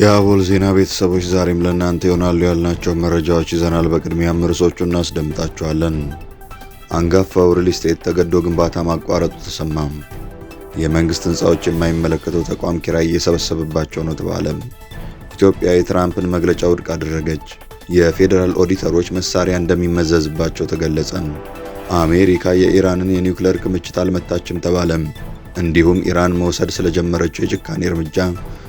የአቦል ዜና ቤተሰቦች ዛሬም ለእናንተ ይሆናሉ ያልናቸው መረጃዎች ይዘናል። በቅድሚያም ርዕሶቹ እናስደምጣቸዋለን። አንጋፋው ሪል ስቴት ተገዶ ግንባታ ማቋረጡ ተሰማ። የመንግሥት ሕንፃዎች የማይመለከተው ተቋም ኪራይ እየሰበሰበባቸው ነው ተባለ። ኢትዮጵያ የትራምፕን መግለጫ ውድቅ አደረገች። የፌዴራል ኦዲተሮች መሳሪያ እንደሚመዘዝባቸው ተገለጸ። አሜሪካ የኢራንን የኒውክለር ክምችት አልመታችም ተባለም። እንዲሁም ኢራን መውሰድ ስለጀመረችው የጭካኔ እርምጃ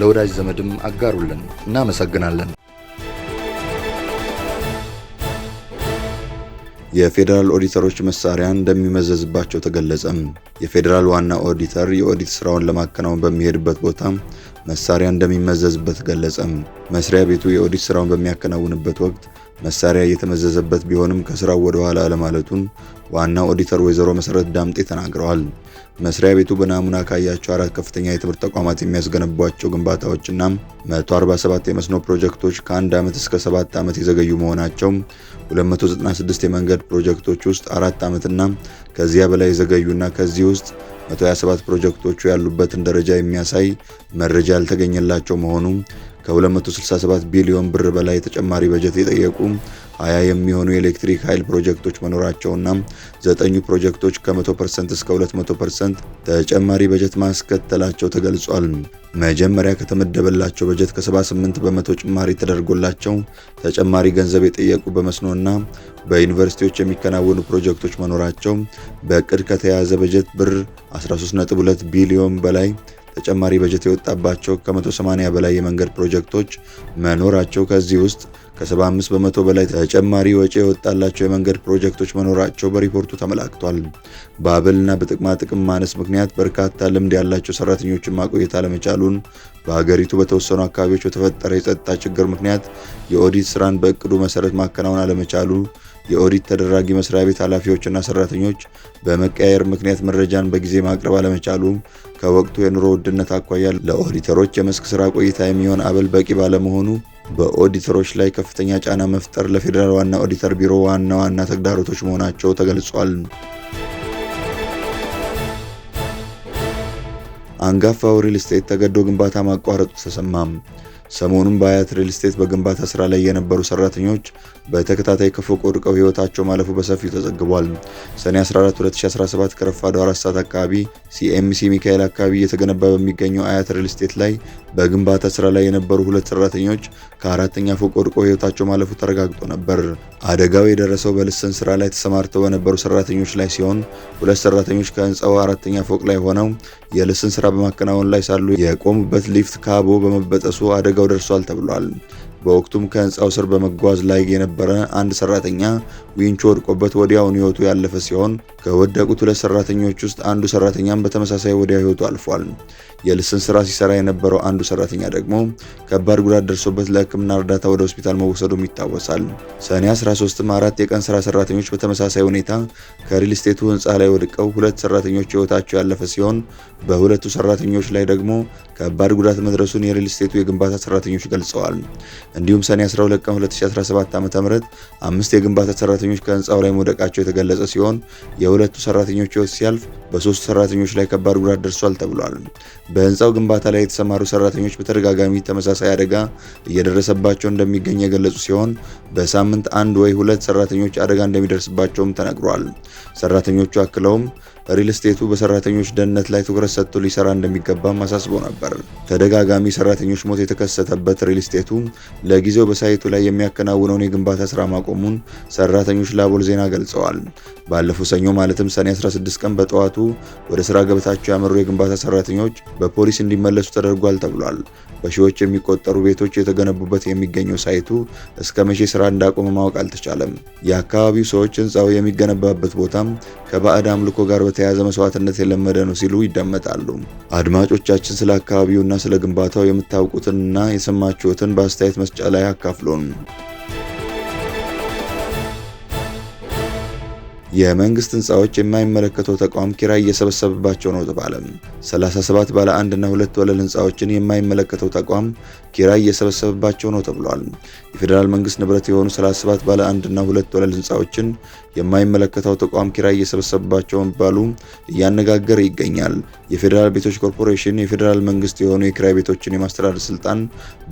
ለወዳጅ ዘመድም አጋሩልን። እናመሰግናለን። የፌዴራል ኦዲተሮች መሳሪያ እንደሚመዘዝባቸው ተገለጸም። የፌዴራል ዋና ኦዲተር የኦዲት ስራውን ለማከናወን በሚሄድበት ቦታ መሳሪያ እንደሚመዘዝበት ገለጸም። መስሪያ ቤቱ የኦዲት ስራውን በሚያከናውንበት ወቅት መሳሪያ እየተመዘዘበት ቢሆንም ከስራው ወደ ኋላ አለማለቱን ዋና ኦዲተር ወይዘሮ መሰረት ዳምጤ ተናግረዋል። መስሪያ ቤቱ በናሙና ካያቸው አራት ከፍተኛ የትምህርት ተቋማት የሚያስገነቧቸው ግንባታዎችና 147 የመስኖ ፕሮጀክቶች ከአንድ ዓመት እስከ ሰባት ዓመት የዘገዩ መሆናቸው 296 የመንገድ ፕሮጀክቶች ውስጥ አራት ዓመትና ከዚያ በላይ የዘገዩና ከዚህ ውስጥ 127 ፕሮጀክቶቹ ያሉበትን ደረጃ የሚያሳይ መረጃ ያልተገኘላቸው መሆኑ ከ267 ቢሊዮን ብር በላይ ተጨማሪ በጀት የጠየቁ ሀያ የሚሆኑ የኤሌክትሪክ ኃይል ፕሮጀክቶች መኖራቸውና ዘጠኙ ፕሮጀክቶች ከ100 እስከ 200 ፐርሰንት ተጨማሪ በጀት ማስከተላቸው ተገልጿል። መጀመሪያ ከተመደበላቸው በጀት ከ78 በመቶ ጭማሪ ተደርጎላቸው ተጨማሪ ገንዘብ የጠየቁ በመስኖና በዩኒቨርሲቲዎች የሚከናወኑ ፕሮጀክቶች መኖራቸው በእቅድ ከተያያዘ በጀት ብር 13.2 ቢሊዮን በላይ ተጨማሪ በጀት የወጣባቸው ከ180 በላይ የመንገድ ፕሮጀክቶች መኖራቸው ከዚህ ውስጥ ከ75 በመቶ በላይ ተጨማሪ ወጪ የወጣላቸው የመንገድ ፕሮጀክቶች መኖራቸው በሪፖርቱ ተመላክቷል። በአበልና በጥቅማ ጥቅም ማነስ ምክንያት በርካታ ልምድ ያላቸው ሰራተኞችን ማቆየት አለመቻሉን፣ በሀገሪቱ በተወሰኑ አካባቢዎች በተፈጠረ የጸጥታ ችግር ምክንያት የኦዲት ስራን በእቅዱ መሰረት ማከናወን አለመቻሉ የኦዲት ተደራጊ መስሪያ ቤት ኃላፊዎችና ሰራተኞች በመቀያየር ምክንያት መረጃን በጊዜ ማቅረብ አለመቻሉ ከወቅቱ የኑሮ ውድነት አኳያ ለኦዲተሮች የመስክ ስራ ቆይታ የሚሆን አበል በቂ ባለመሆኑ በኦዲተሮች ላይ ከፍተኛ ጫና መፍጠር ለፌዴራል ዋና ኦዲተር ቢሮ ዋና ዋና ተግዳሮቶች መሆናቸው ተገልጿል። አንጋፋው ሪል ስቴት ተገዶ ግንባታ ማቋረጡ ተሰማም። ሰሞኑን በአያት ሪል ስቴት በግንባታ ስራ ላይ የነበሩ ሰራተኞች በተከታታይ ከፎቅ ወድቀው ህይወታቸው ማለፉ በሰፊው ተዘግቧል። ሰኔ 14 2017 ከረፋዳው 4 ሰዓት አካባቢ ሲኤምሲ ሚካኤል አካባቢ እየተገነባ በሚገኘው አያት ሪል ስቴት ላይ በግንባታ ስራ ላይ የነበሩ ሁለት ሰራተኞች ከአራተኛ ፎቅ ወድቀው ህይወታቸው ማለፉ ተረጋግጦ ነበር። አደጋው የደረሰው በልስን ስራ ላይ ተሰማርተው በነበሩ ሰራተኞች ላይ ሲሆን ሁለት ሰራተኞች ከህንፃው አራተኛ ፎቅ ላይ ሆነው የልስን ስራ በማከናወን ላይ ሳሉ የቆሙበት ሊፍት ካቦ በመበጠሱ አደጋ አደጋው ደርሷል ተብሏል። በወቅቱም ከህንፃው ስር በመጓዝ ላይ የነበረ አንድ ሰራተኛ ዊንቾ ወድቆበት ወዲያውን ህይወቱ ያለፈ ሲሆን ከወደቁት ሁለት ሰራተኞች ውስጥ አንዱ ሰራተኛም በተመሳሳይ ወዲያው ህይወቱ አልፏል። የልስን ስራ ሲሰራ የነበረው አንዱ ሰራተኛ ደግሞ ከባድ ጉዳት ደርሶበት ለህክምና እርዳታ ወደ ሆስፒታል መወሰዱም ይታወሳል። ሰኔ 13ም አራት የቀን ስራ ሰራተኞች በተመሳሳይ ሁኔታ ከሪል ስቴቱ ህንፃ ላይ ወድቀው ሁለት ሰራተኞች ህይወታቸው ያለፈ ሲሆን በሁለቱ ሰራተኞች ላይ ደግሞ ከባድ ጉዳት መድረሱን የሪል ስቴቱ የግንባታ ሰራተኞች ገልጸዋል። እንዲሁም ሰኔ 12 ቀን 2017 ዓ.ም አምስት የግንባታ ሰራተኞች ከህንፃው ላይ መውደቃቸው የተገለጸ ሲሆን የሁለቱ ሰራተኞች ህይወት ሲያልፍ በሶስት ሰራተኞች ላይ ከባድ ጉዳት ደርሷል ተብሏል። በህንፃው ግንባታ ላይ የተሰማሩ ሰራተኞች በተደጋጋሚ ተመሳሳይ አደጋ እየደረሰባቸው እንደሚገኝ የገለጹ ሲሆን በሳምንት አንድ ወይ ሁለት ሰራተኞች አደጋ እንደሚደርስባቸውም ተነግሯል። ሰራተኞቹ አክለውም ሪል ስቴቱ በሰራተኞች ደህንነት ላይ ትኩረት ሰጥቶ ሊሰራ እንደሚገባም አሳስቦ ነበር። ተደጋጋሚ ሰራተኞች ሞት የተከሰተበት ሪል ስቴቱ ለጊዜው በሳይቱ ላይ የሚያከናውነውን የግንባታ ስራ ማቆሙን ሰራተኞች ላቦል ዜና ገልጸዋል። ባለፈው ሰኞ ማለትም ሰኔ 16 ቀን በጠዋቱ ወደ ስራ ገበታቸው ያመሩ የግንባታ ሰራተኞች በፖሊስ እንዲመለሱ ተደርጓል ተብሏል። በሺዎች የሚቆጠሩ ቤቶች የተገነቡበት የሚገኘው ሳይቱ እስከ መቼ ስራ እንዳቆመ ማወቅ አልተቻለም። የአካባቢው ሰዎች ህንፃው የሚገነባበት ቦታም ከባዕድ አምልኮ ጋር በተያያዘ መስዋዕትነት የለመደ ነው ሲሉ ይደመጣሉ። አድማጮቻችን ስለ አካባቢውና ስለ ግንባታው የምታውቁትንና የሰማችሁትን በአስተያየት መስጫ ላይ አካፍሉን። የመንግስት ህንፃዎች የማይመለከተው ተቋም ኪራይ እየሰበሰበባቸው ነው ተባለ። 37 ባለ አንድና ሁለት ወለል ህንፃዎችን የማይመለከተው ተቋም ኪራይ እየሰበሰበባቸው ነው ተብሏል። የፌዴራል መንግስት ንብረት የሆኑ 37 ባለ አንድና ሁለት ወለል ህንፃዎችን የማይመለከተው ተቋም ኪራይ እየሰበሰበባቸው መባሉ እያነጋገረ ይገኛል። የፌዴራል ቤቶች ኮርፖሬሽን የፌዴራል መንግስት የሆኑ የኪራይ ቤቶችን የማስተዳደር ስልጣን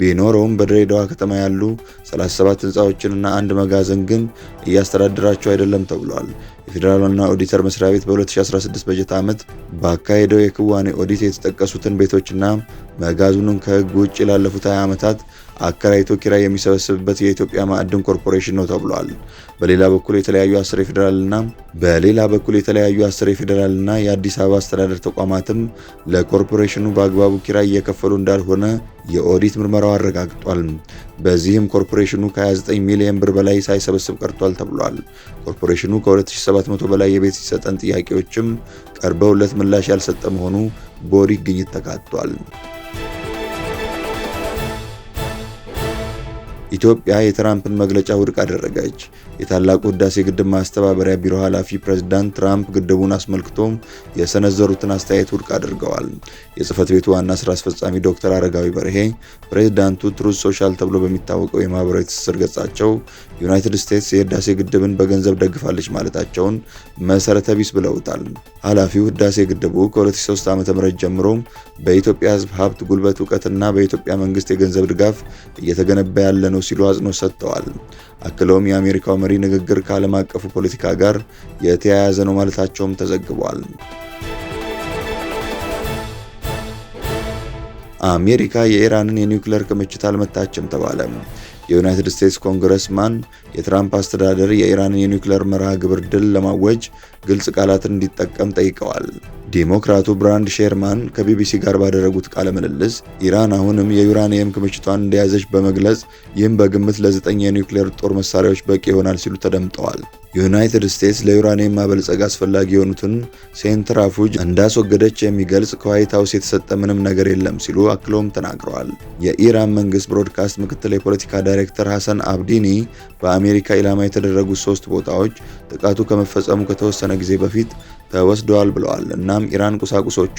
ቢኖረውም በድሬዳዋ ከተማ ያሉ 37 ህንፃዎችንና አንድ መጋዘን ግን እያስተዳደራቸው አይደለም ተብሏል። የፌዴራል ኦዲተር መስሪያ ቤት በ2016 በጀት ዓመት ባካሄደው የክዋኔ ኦዲት የተጠቀሱትን ቤቶችና መጋዘኑን ከህግ ውጭ ላለፉት 20 ዓመታት አከራይቶ ኪራይ የሚሰበስብበት የኢትዮጵያ ማዕድን ኮርፖሬሽን ነው ተብሏል። በሌላ በኩል የተለያዩ አስር የፌዴራልና በሌላ በኩል የተለያዩ አስር የፌዴራልና የአዲስ አበባ አስተዳደር ተቋማትም ለኮርፖሬሽኑ በአግባቡ ኪራይ እየከፈሉ እንዳልሆነ የኦዲት ምርመራው አረጋግጧል። በዚህም ኮርፖሬሽኑ ከ29 ሚሊዮን ብር በላይ ሳይሰበስብ ቀርቷል ተብሏል። ኮርፖሬሽኑ ከ2700 በላይ የቤት ሲሰጠን ጥያቄዎችም ቀርበውለት ምላሽ ያልሰጠ መሆኑ በኦዲት ግኝት ተካቷል። ኢትዮጵያ የትራምፕን መግለጫ ውድቅ አደረገች። የታላቁ ህዳሴ ግድብ ማስተባበሪያ ቢሮ ኃላፊ ፕሬዝዳንት ትራምፕ ግድቡን አስመልክቶም የሰነዘሩትን አስተያየት ውድቅ አድርገዋል። የጽህፈት ቤቱ ዋና ስራ አስፈጻሚ ዶክተር አረጋዊ በርሄ ፕሬዝዳንቱ ትሩዝ ሶሻል ተብሎ በሚታወቀው የማህበራዊ ትስስር ገጻቸው ዩናይትድ ስቴትስ የህዳሴ ግድብን በገንዘብ ደግፋለች ማለታቸውን መሰረተ ቢስ ብለውታል። ኃላፊው ህዳሴ ግድቡ ከ2003 ዓ ም ጀምሮ በኢትዮጵያ ህዝብ ሀብት፣ ጉልበት፣ እውቀትና በኢትዮጵያ መንግስት የገንዘብ ድጋፍ እየተገነባ ያለ ነው ሲሉ አጽንኦት ሰጥተዋል። አክለውም የአሜሪካው መሪ ንግግር ከዓለም አቀፉ ፖለቲካ ጋር የተያያዘ ነው ማለታቸውም ተዘግቧል። አሜሪካ የኢራንን የኒውክሌር ክምችት አልመታችም ተባለ። የዩናይትድ ስቴትስ ኮንግረስማን የትራምፕ አስተዳደር የኢራንን የኒውክሌር መርሃ ግብር ድል ለማወጅ ግልጽ ቃላትን እንዲጠቀም ጠይቀዋል። ዲሞክራቱ ብራንድ ሼርማን ከቢቢሲ ጋር ባደረጉት ቃለ ምልልስ ኢራን አሁንም የዩራኒየም ክምችቷን እንደያዘች በመግለጽ ይህም በግምት ለዘጠኝ የኒውክሌር ጦር መሳሪያዎች በቂ ይሆናል ሲሉ ተደምጠዋል። ዩናይትድ ስቴትስ ለዩራኒየም ማበልጸግ አስፈላጊ የሆኑትን ሴንትራፉጅ እንዳስወገደች የሚገልጽ ከዋይት ሀውስ የተሰጠ ምንም ነገር የለም ሲሉ አክለውም ተናግረዋል። የኢራን መንግስት ብሮድካስት ምክትል የፖለቲካ ዳይሬክተር ሐሰን አብዲኒ በአሜሪካ ኢላማ የተደረጉት ሶስት ቦታዎች ጥቃቱ ከመፈጸሙ ከተወሰነ ጊዜ በፊት ተወስደዋል ብለዋል። እናም ኢራን ቁሳቁሶቹ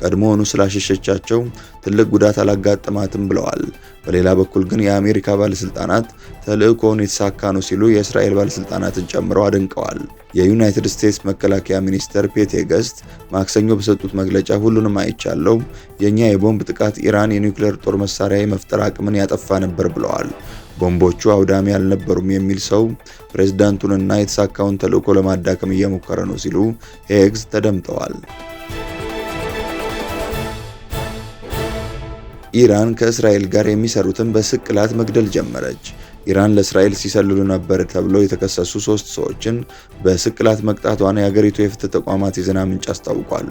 ቀድሞውኑ ስላሸሸቻቸው ትልቅ ጉዳት አላጋጠማትም ብለዋል። በሌላ በኩል ግን የአሜሪካ ባለስልጣናት ተልእኮውን የተሳካ ነው ሲሉ የእስራኤል ባለስልጣናትን ጨምረው አድንቀዋል። የዩናይትድ ስቴትስ መከላከያ ሚኒስተር ፔቴ ገስት ማክሰኞ በሰጡት መግለጫ ሁሉንም አይቻለው፣ የእኛ የቦምብ ጥቃት ኢራን የኒውክሌር ጦር መሳሪያ የመፍጠር አቅምን ያጠፋ ነበር ብለዋል። ቦምቦቹ አውዳሚ አልነበሩም የሚል ሰው ፕሬዝዳንቱንና የተሳካውን ተልዕኮ ለማዳከም እየሞከረ ነው ሲሉ ሄግዝ ተደምጠዋል። ኢራን ከእስራኤል ጋር የሚሰሩትን በስቅላት መግደል ጀመረች። ኢራን ለእስራኤል ሲሰልሉ ነበር ተብለው የተከሰሱ ሶስት ሰዎችን በስቅላት መቅጣቷን የአገሪቱ የፍትህ ተቋማት የዜና ምንጭ አስታውቋል።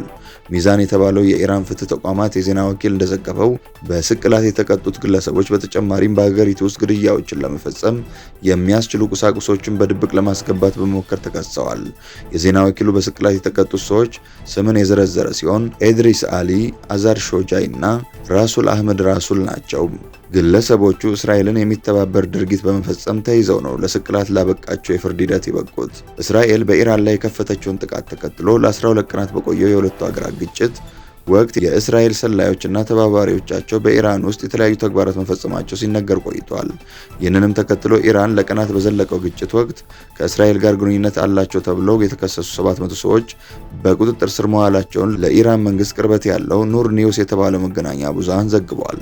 ሚዛን የተባለው የኢራን ፍትህ ተቋማት የዜና ወኪል እንደዘገበው በስቅላት የተቀጡት ግለሰቦች በተጨማሪም በአገሪቱ ውስጥ ግድያዎችን ለመፈጸም የሚያስችሉ ቁሳቁሶችን በድብቅ ለማስገባት በመሞከር ተከሰዋል። የዜና ወኪሉ በስቅላት የተቀጡት ሰዎች ስምን የዘረዘረ ሲሆን ኤድሪስ አሊ፣ አዛር ሾጃይ እና ራሱል አህመድ ራሱል ናቸው። ግለሰቦቹ እስራኤልን የሚተባበር ድርጊት በመፈጸም ተይዘው ነው ለስቅላት ላበቃቸው የፍርድ ሂደት የበቁት። እስራኤል በኢራን ላይ የከፈተችውን ጥቃት ተከትሎ ለ12 ቀናት በቆየው የሁለቱ ሀገራት ግጭት ወቅት የእስራኤል ሰላዮችና ተባባሪዎቻቸው በኢራን ውስጥ የተለያዩ ተግባራት መፈጸማቸው ሲነገር ቆይቷል። ይህንንም ተከትሎ ኢራን ለቀናት በዘለቀው ግጭት ወቅት ከእስራኤል ጋር ግንኙነት አላቸው ተብለው የተከሰሱ 700 ሰዎች በቁጥጥር ስር መዋላቸውን ለኢራን መንግስት ቅርበት ያለው ኑር ኒውስ የተባለው መገናኛ ብዙሃን ዘግቧል።